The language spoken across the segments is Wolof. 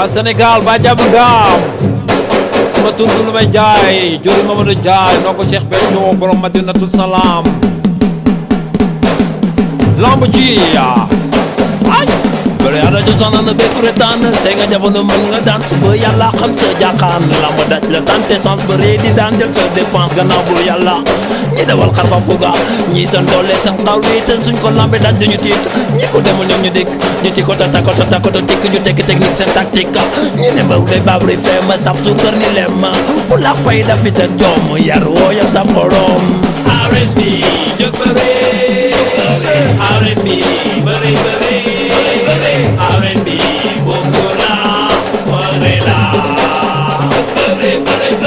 waa Sénégal ba jàmm gaam su ma tudd may jaay jori Mamadou Jaay noo ko Cheikh Béthio borom Madinatul Salaam lamb ji Bërëra ju sonal bépp retaan te nga jafandu mën nga daan suba yàlla xam sa jàkkaan lamb daj la tante sens ba ree di daan jël sa défense gannaaw bu yàlla ñi dawal xarfa fuga ñi seen doole seen xaw wéetal suñ ko lambe daj duñu tiit ñi ko demul ñoom ñu dikk ñu ti ko ta ta ko ta ko ta tikk ñu tekki technique seen tactique ñi ne mbaw day baabri feema saf suukar ni lemma fu la fay da fit ak joom yar woo yam sa xorom R&B jóg ba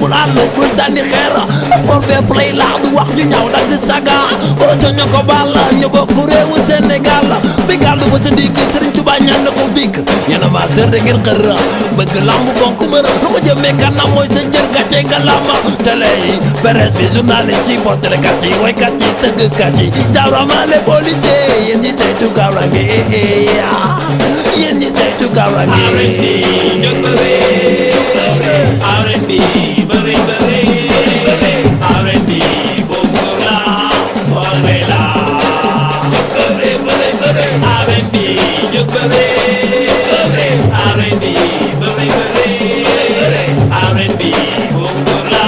bul ànd ku sànni xeer for fair play la du wax ju ñaaw dagg saga rojo ña ko baal ñu bokk réewu Sénégal bi gàll ko sa dikk Serigne Touba ñaan na ko bikk yéen amateur da ngeen xër bëgg lamb fonk mër lu ko jëmee kanam mooy sa jër gàcce nga làmb télé yi presse bi journaliste yi portalekat yi waykat yi tëggkat yi jaaramaale policier yéen ñi saytu kaaraange eh, eh, ah. yéen ñi saytu kaaraange R&D jóg ba léegi R&D ba léegi ba léegi R&D boobu la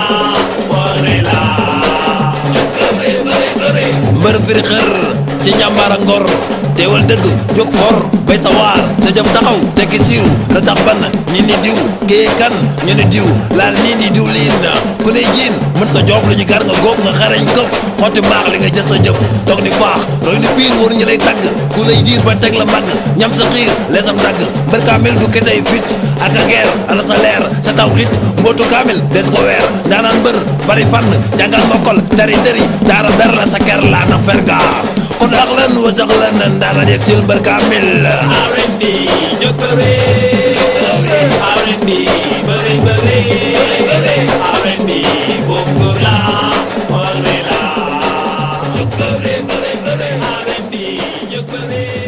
boore la jóg ba léegi ba léegi ba léegi xër ci njàmbaar ngor teewal dëgg jóg for bay sa waar sa jëf taxaw tekki siiw ban ñi ni diw kee kan ñu ni diw laal nii ni diw liin ku ne jiin mën sa joob lu ñu gar nga góob nga xarañ këf xotti baax li nga jël sa jëf toog ni faax looy di biir wóor ñi lay tagg ku lay diir ba teg la màgg ñam sa xiir leesam dagg mbër kaamil du ketey fit ak a geer ana sa leer sa taw mbootu kaamil des ko ndaanaan mbër bari fànn jàngal mokkal dari dari daara ber la sa ker laa na fer nga kon axlan wa saxlan nan daara jeg sil mbër kaamil awren di jóg bëre awren di bëre bëre believe.